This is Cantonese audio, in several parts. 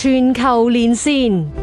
全球連線。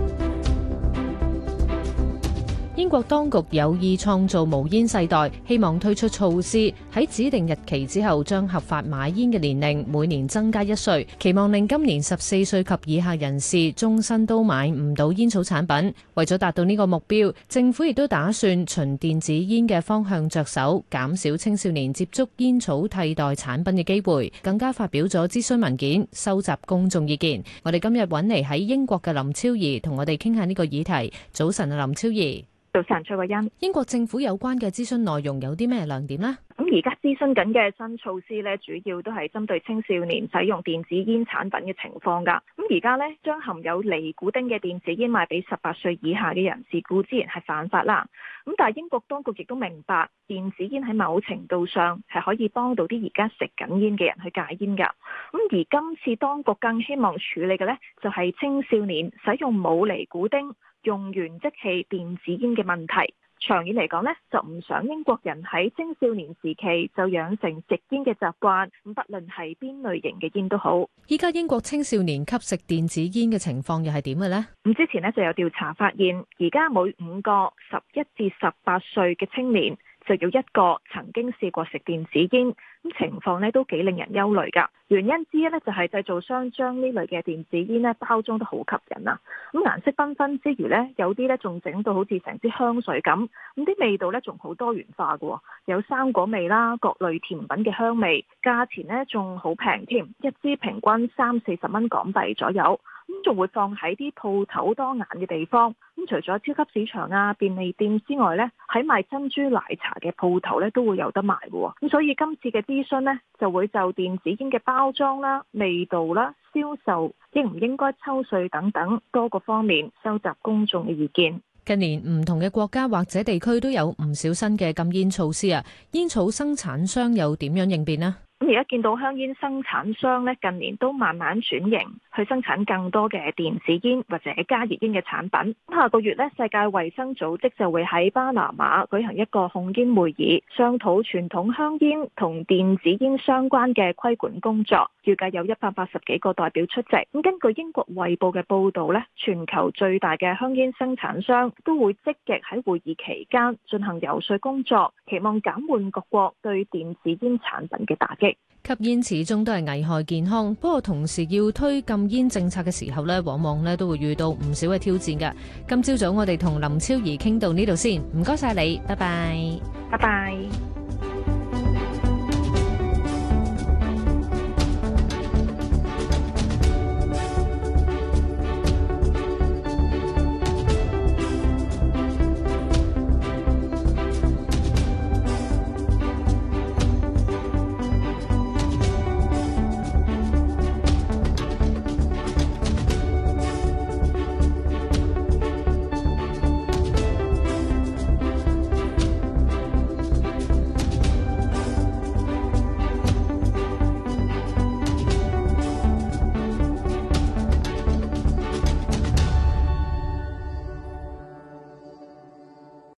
英國當局有意創造無煙世代，希望推出措施喺指定日期之後，將合法買煙嘅年齡每年增加一歲，期望令今年十四歲及以下人士終身都買唔到煙草產品。為咗達到呢個目標，政府亦都打算循電子煙嘅方向着手，減少青少年接觸煙草替代產品嘅機會。更加發表咗諮詢文件，收集公眾意見。我哋今日揾嚟喺英國嘅林昭儀，同我哋傾下呢個議題。早晨啊，林昭儀。到崔蔚恩，英國政府有關嘅諮詢內容有啲咩亮點呢？咁而家諮詢緊嘅新措施呢，主要都係針對青少年使用電子煙產品嘅情況噶咁而家呢，將含有尼古丁嘅電子煙賣俾十八歲以下嘅人士，固之然係犯法啦。咁但係英國當局亦都明白，電子煙喺某程度上係可以幫到啲而家食緊煙嘅人去戒煙噶咁而今次當局更希望處理嘅呢，就係、是、青少年使用冇尼古丁，用完即棄電子煙嘅問題，長遠嚟講呢，就唔想英國人喺青少年時期就養成食煙嘅習慣，不論係邊類型嘅煙都好。依家英國青少年吸食電子煙嘅情況又係點嘅呢？咁之前呢就有調查發現，而家每五個十一至十八歲嘅青年，就有一個曾經試過食電子煙咁情況咧，都幾令人憂慮㗎。原因之一呢，就係製造商將呢類嘅電子煙咧包裝得好吸引啊！咁顏色繽紛之餘呢，有啲呢仲整到好似成支香水咁，咁啲味道呢仲好多元化㗎，有水果味啦，各類甜品嘅香味，價錢呢仲好平添，一支平均三四十蚊港幣左右，咁仲會放喺啲鋪頭多眼嘅地方。除咗超級市場啊、便利店之外呢，喺賣珍珠奶茶嘅鋪頭咧都會有得賣嘅。咁所以今次嘅諮詢呢，就會就電子煙嘅包裝啦、啊、味道啦、啊、銷售應唔應該抽稅等等多個方面收集公眾嘅意見。近年唔同嘅國家或者地區都有唔少新嘅禁煙措施啊，煙草生產商又點樣應變呢？咁而家見到香煙生產商呢，近年都慢慢轉型。去生產更多嘅電子煙或者加熱煙嘅產品。下個月咧，世界衛生組織就會喺巴拿馬舉行一個控煙會議，商討傳統香煙同電子煙相關嘅規管工作。預計有一百八十幾個代表出席。咁根據英國衛報嘅報導咧，全球最大嘅香煙生產商都會積極喺會議期間進行游說工作，期望減緩各國對電子煙產品嘅打擊。吸煙始終都係危害健康，不過同時要推禁煙政策嘅時候咧，往往咧都會遇到唔少嘅挑戰㗎。今朝早我哋同林昭儀傾到呢度先，唔該晒你，拜拜，拜拜。